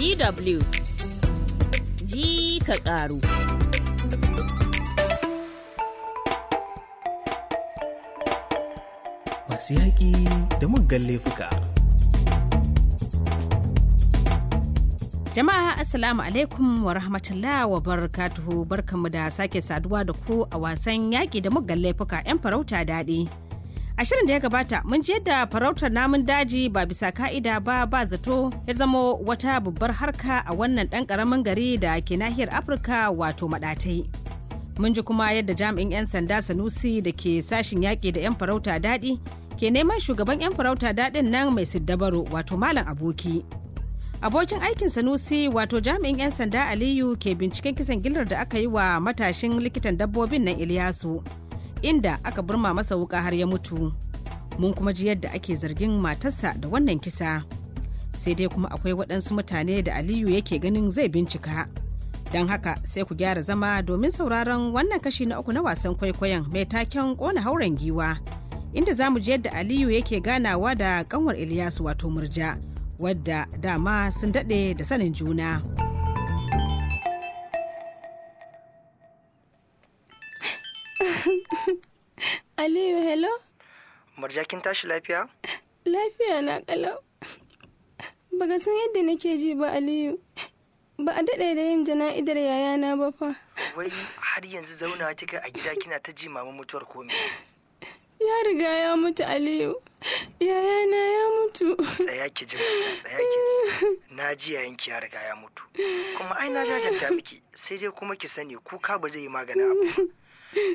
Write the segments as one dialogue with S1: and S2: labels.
S1: DW ji ka ƙaru.
S2: Masu yaƙi da muggan laifuka.
S3: Jama'a Assalamu alaikum wa rahmatullah wa barakatuhu barkanmu da sake saduwa da ku a wasan yaƙi da muggan laifuka 'yan farauta daɗi. a shirin da ya gabata mun ji yadda farautar namun daji ba bisa ka'ida ba ba zato ya zamo wata babbar harka a wannan ɗan karamin gari da ke nahiyar afirka wato maɗatai mun ji kuma yadda jami'in 'yan sanda sanusi da ke sashin yaƙi da 'yan farauta daɗi ke neman shugaban 'yan farauta daɗin nan mai siddabaro wato malam aboki abokin aikin sanusi wato jami'in 'yan sanda aliyu ke binciken kisan gillar da aka yi wa matashin likitan dabbobin nan iliyasu inda aka burma masa wuka har ya mutu mun kuma ji yadda ake zargin matarsa da wannan kisa sai dai kuma akwai waɗansu mutane da aliyu yake ganin zai bincika don haka sai ku gyara zama domin sauraron wannan kashi na uku na wasan kwaikwayon mai taken ƙona hauren giwa inda za mu ji yadda aliyu yake ganawa da ƙanwar ilyasu wato murja wadda dama sun daɗe da sanin juna. Aliyu, hello?
S4: Marja kin tashi lafiya? Lafiya na kalau.
S3: Baka san yadda nake ji ba Aliyu. Ba a daɗe da yin jana'idar yayana ba fa.
S4: Wai har yanzu zauna kika a gida kina ta ji mama mutuwar komai.
S3: Ya riga ya mutu Aliyu. Yayana ya mutu. Tsaya ki ji
S4: tsaya ki ji. Na ji ki ya riga ya mutu. Kuma ai na jajanta miki sai dai kuma ki sani kuka ba zai yi magana abu.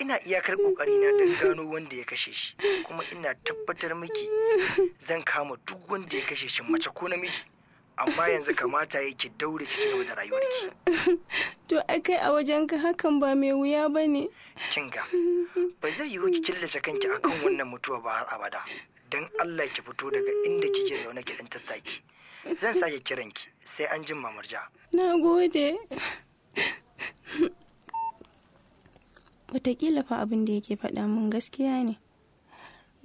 S4: ina iyakar kokari na don gano wanda ya kashe shi kuma ina tabbatar miki zan kama duk wanda ya kashe shi mace ko namiji amma yanzu kamata yake daure ki cigaba da
S3: rayuwarki to kai a wajen ka hakan ba mai wuya ba ne kinga
S4: ba zai yiwu ki killace kanki akan wannan mutuwa ba har abada don allah ki fito daga inda kike zaune ki tattaki zan sake kiranki sai an jin mamurja
S3: na gode watakila fa abin da yake faɗa mun gaskiya ne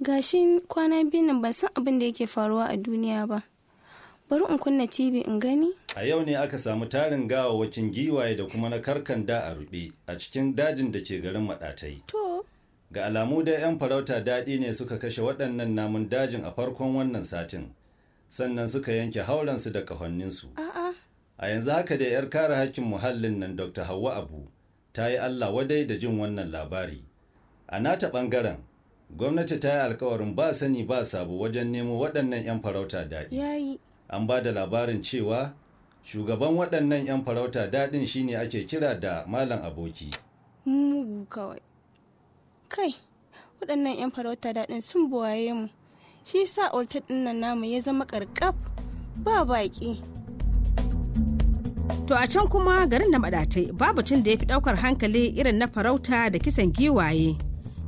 S3: gashi kwana biyu nan ban san abin da yake faruwa a duniya ba bari in kunna tv in gani a yau ne aka samu tarin gawawwakin giwaye da kuma na karkan da a rube a cikin dajin da ke garin maɗatai to ga alamu da 'yan farauta daɗi ne suka kashe waɗannan namun dajin a farkon wannan satin sannan suka yanke haulansu da ƙahonninsu a yanzu haka da 'yar kare hakkin muhallin nan dr hawa abu ta yi Allah wadai da jin wannan labari. A nata ɓangaren, gwamnati ta yi alkawarin ba sani ba sabo wajen nemo waɗannan 'yan farauta
S1: daɗi.
S3: An ba da labarin cewa shugaban waɗannan 'yan farauta daɗin shine ake kira da malam aboki. Mugu kawai. Kai, waɗannan 'yan farauta daɗin sun buwaye mu. Shi sa otal ɗin nan namu ya zama ƙarƙaf ba baƙi. To a can kuma garin na madatai babu cin da ya fi ɗaukar hankali irin na farauta da kisan giwaye.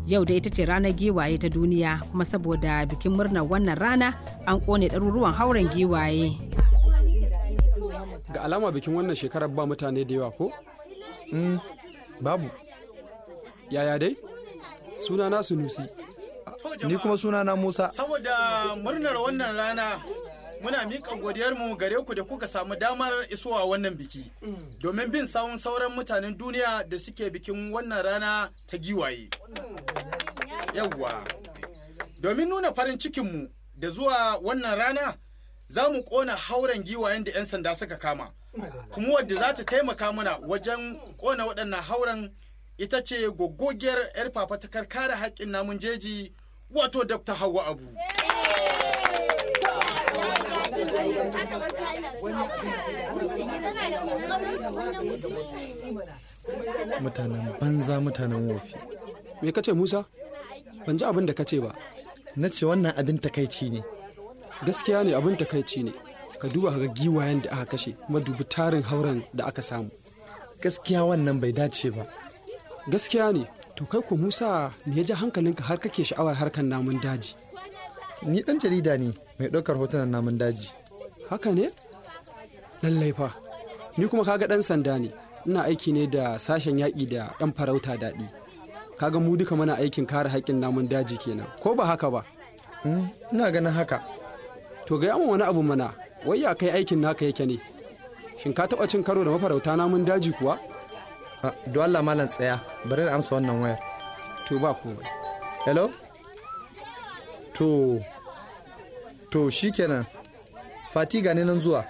S3: Yau da ita ce ranar giwaye ta duniya kuma saboda bikin murnar wannan rana an kone ɗaruruwan hauren giwaye.
S2: Ga alama bikin wannan shekarar ba mutane da yawa ko? Mm, babu. Yaya dai? Sunana Sunusi. Ni kuma sunana Musa. Saboda murnar wannan rana muna mika godiyar mu gare ku da kuka samu damar isowa wannan biki domin bin sawun sauran mutanen duniya da suke bikin wannan rana ta giwaye. Yawwa, domin nuna farin cikinmu da zuwa wannan rana za mu ƙona hauren giwayen da 'yan sanda suka kama, kuma wadda za ta taimaka mana wajen kona waɗannan hauren ita ce gogogiyar 'yar fafatakar kare haƙƙin namun jeji wato Dr. Hauwa Abu. Yeah. mutanen banza mutanen wofi me ka ce musa ban ji abin da ka ce ba na ce wannan abin takaici ne gaskiya ne abin takaici ne ka duba ga giwayen da aka kashe kuma dubi tarin hauren da aka samu gaskiya wannan bai dace ba gaskiya ne to kai ko musa me ya ji hankalinka har kake sha'awar harkar namun daji ni dan jarida ne mai ɗaukar hotunan namun daji haka ne lallai fa ni kuma kaga dan sanda ne ina aiki ne da sashen yaƙi da ɗan farauta daɗi kaga mu duka mana aikin kare haƙƙin namun daji kenan ko ba haka ba hmm, ina ganin haka to ga yamma wani abu mana wai ya kai aikin naka yake ne shin ka taɓa cin karo da mafarauta namun daji kuwa don Allah malam tsaya bari da amsa wannan wayar to ba komai hello
S5: to to shikenan fati ne nan zuwa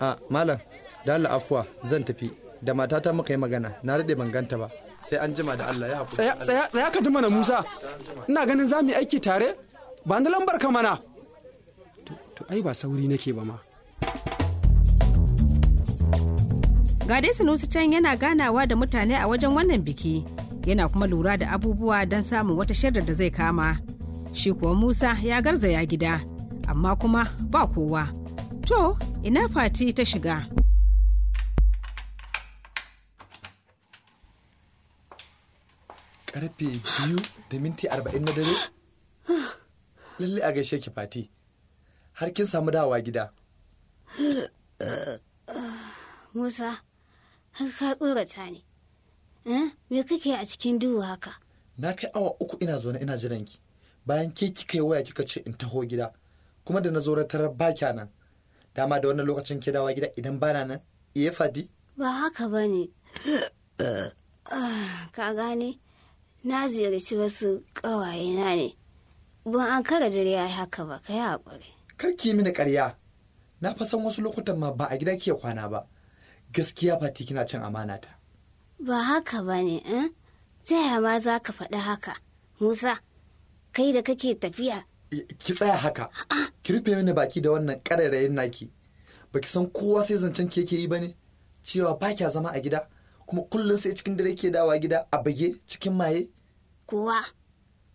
S5: a malam da Allah afuwa zan tafi da matata muka yi magana
S2: na daɗe ban ganta ba
S5: sai an jima da Allah ya tsaya
S2: tsaya ka jima da Musa ina ganin za mu yi aiki tare ba ni lambar ka mana to ai ba sauri nake ba ma
S3: ga dai Sanusi can yana ganawa da mutane a wajen wannan biki yana kuma lura da abubuwa don samun wata shaidar da zai kama shi kuwa Musa ya garzaya gida amma kuma ba kowa. To, ina fati ta shiga.
S5: Karfe biyu da minti arba'in na dare? Lallai a gaishe ki fati, har kin samu dawa gida.
S3: Musa, haka ka tsorata ne. Eh, me kake a cikin duhu haka?
S5: Na kai awa uku ina zaune ina jiran ki Bayan ke kika yi waya kika ce in taho gida. kuma da na zo na tarar ba nan dama da wannan lokacin ke dawa gida idan bana nan iya eh, fadi
S3: ba haka ba ne ah, ka gane na ziyarci wasu ƙawaye na ne ban an kara dare ya haka ba ka yi haƙuri
S5: karki mini karya na fasan wasu lokutan ma ba a gida ke kwana ba gaskiya fati kina cin amana ta
S3: ba haka ba ne eh? ta ma za ka faɗi haka musa kai da kake tafiya
S5: ki tsaya haka ki rufe mini baki da wannan kararrayin naki baki san kowa sai zancen ke yake yi bane cewa ba kya zama a gida kuma kullum sai cikin dare ke dawa gida a bage cikin maye
S3: kowa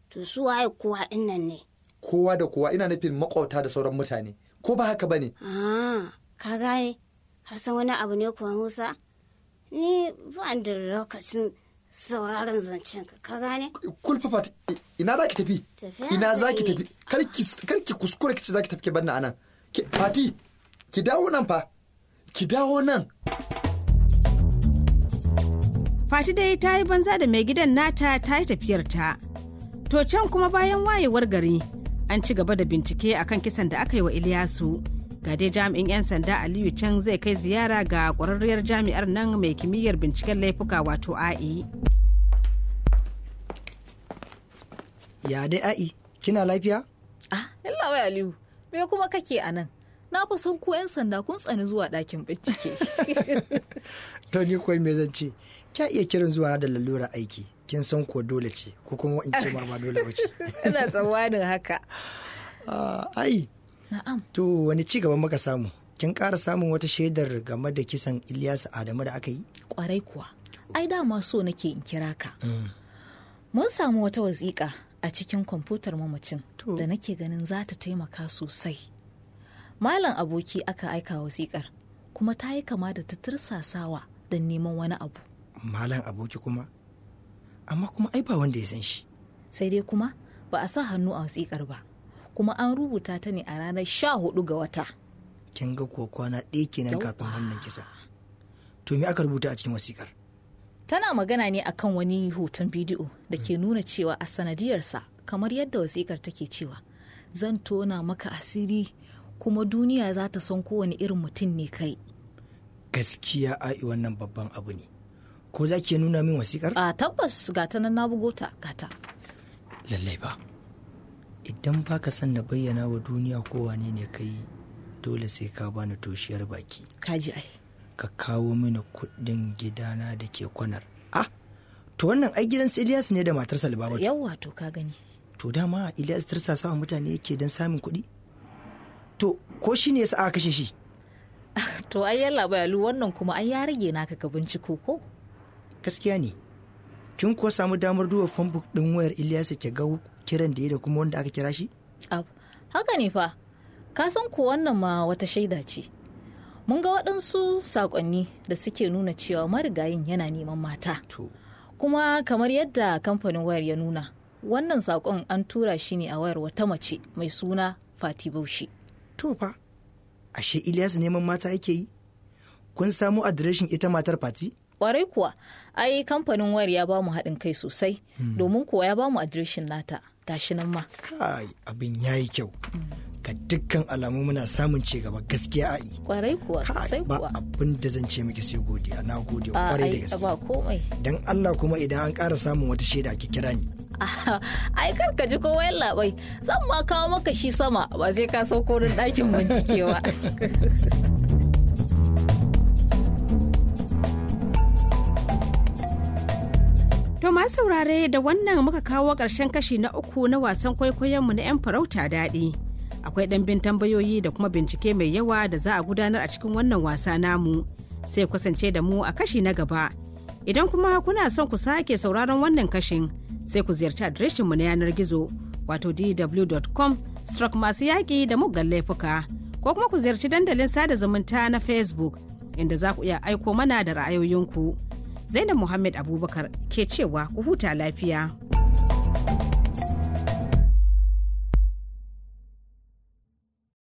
S3: to su waye kowa din ne
S5: kowa da kowa ina nufin makwabta da sauran mutane ko ba haka bane
S3: ah ka gane har san wani abu ne kuwa Musa ni ba da lokacin sauraron zancen ka ka gane kulfafa
S5: ina za ki tafi
S1: ina za ki tafi
S5: kar ki kuskure ki ce za ki tafi ki banna anan fati
S3: ki dawo nan fa ki dawo nan fati dai ta yi banza da mai gidan nata ta yi tafiyar ta to can kuma bayan wayewar gari an ci gaba da bincike akan kisan da aka yi wa iliyasu ga dai jami'in 'yan sanda aliyu can zai kai ziyara ga ƙwararriyar jami'ar nan mai kimiyyar binciken laifuka wato a'i e. ya dai
S4: a'i e, kina lafiya
S1: ah illa wai aliyu me kuma kake a nan na fi sun ku 'yan sanda kun tsani zuwa ɗakin bincike
S4: to ni kawai me zan ce kya iya kiran zuwa da lalura aiki kin san ko dole ce ko kuma in ce ma ba dole ba ce
S1: ina tsammanin haka ah, ai Na'am.
S4: To wani ci gaban muka samu? Kin ƙara samun wata shaidar game da kisan Ilyasu Adamu da aka yi?
S1: kwarai kuwa. Ai dama so nake in kira ka. Mm. Mun samu wata wasiƙa a cikin kwamfutar mamacin da nake ganin za ta taimaka sosai. Malam aboki aka aika wasiƙar kuma ta yi kama da ta tursasawa don neman wani abu.
S4: Malam aboki kuma? Amma kuma ai ba wanda ya san shi.
S1: Sai dai kuma ba a sa hannu a wasiƙar ba. kuma an rubuta ta ne a ranar sha hudu ga wata
S4: kin ga kuwa kwana ɗaya kenan kafin wannan kisa to me aka rubuta a cikin wasikar
S1: tana magana ne akan wani hoton bidiyo da ke nuna cewa a sanadiyarsa kamar yadda wasikar take cewa zan tona maka asiri kuma duniya za ta san kowane irin mutum ne kai
S4: gaskiya a'i wannan babban abu ne
S1: ko za ki nuna min wasikar a tabbas gata nan na bugo gata
S4: lallai ba idan ba ka son na bayyana wa duniya ko ne ne kai dole sai ka bani toshiyar baki kaji ai ka kawo mini kuɗin gidana da ke kwanar ah to wannan ai gidan Ilyas ne da matarsa Libabatu yawa to ka gani to dama Ilyas tarsa sawa mutane yake don samun kuɗi to ko shi ne yasa aka kashe shi
S1: to ai yalla bayalu wannan kuma an ya rage naka ka binciko ko
S4: gaskiya ne kin kuwa samu damar duba fanbuk din wayar Ilyas ke ga kiran da ya
S1: da kuma wanda aka kira shi? haka ne fa ka san ko wannan ma wata shaida ce mun ga waɗansu saƙonni da suke nuna cewa marigayin yana neman mata kuma kamar yadda kamfanin wayar ya nuna wannan saƙon an tura shi ne a wayar wata mace mai suna fati baushi to fa
S4: ashe ilyas neman mata yake yi kun samu adireshin ita matar fati
S1: kwarai kuwa ai kamfanin wayar ya ba mu haɗin kai sosai hmm. domin kuwa ya ba mu adireshin nata gashi nan ma
S4: kai abin ya yi kyau ga dukkan alamu muna samun ci gaba gaskiya
S1: a yi kwarai kuwa sai kuwa ba
S4: abin da zan ce miki sai godiya na gode kwarai da gaskiya ba komai dan Allah kuma idan an ƙara samun wata shaida ki kira ni
S1: ai kar ka ji kowa yalla bai zan ma kawo maka shi sama ba sai ka sauko wurin ɗakin bincike ba
S3: ma saurare da wannan muka kawo ƙarshen kashi na uku na wasan kwaikwayonmu na 'yan farauta daɗi. Akwai ɗanbin tambayoyi da kuma bincike mai yawa da za a gudanar a cikin wannan wasa namu. Sai kasance da mu a kashi na gaba. Idan kuma kuna son ku sake sauraron wannan kashin sai ku ziyarci adireshinmu na yanar gizo wato dw.com stroke masu yaƙi da muggan laifuka ko kuma ku ziyarci dandalin sada zumunta na Facebook inda za ku iya aiko mana da ra'ayoyinku. Zainab Muhammad Abubakar ke cewa ku huta lafiya.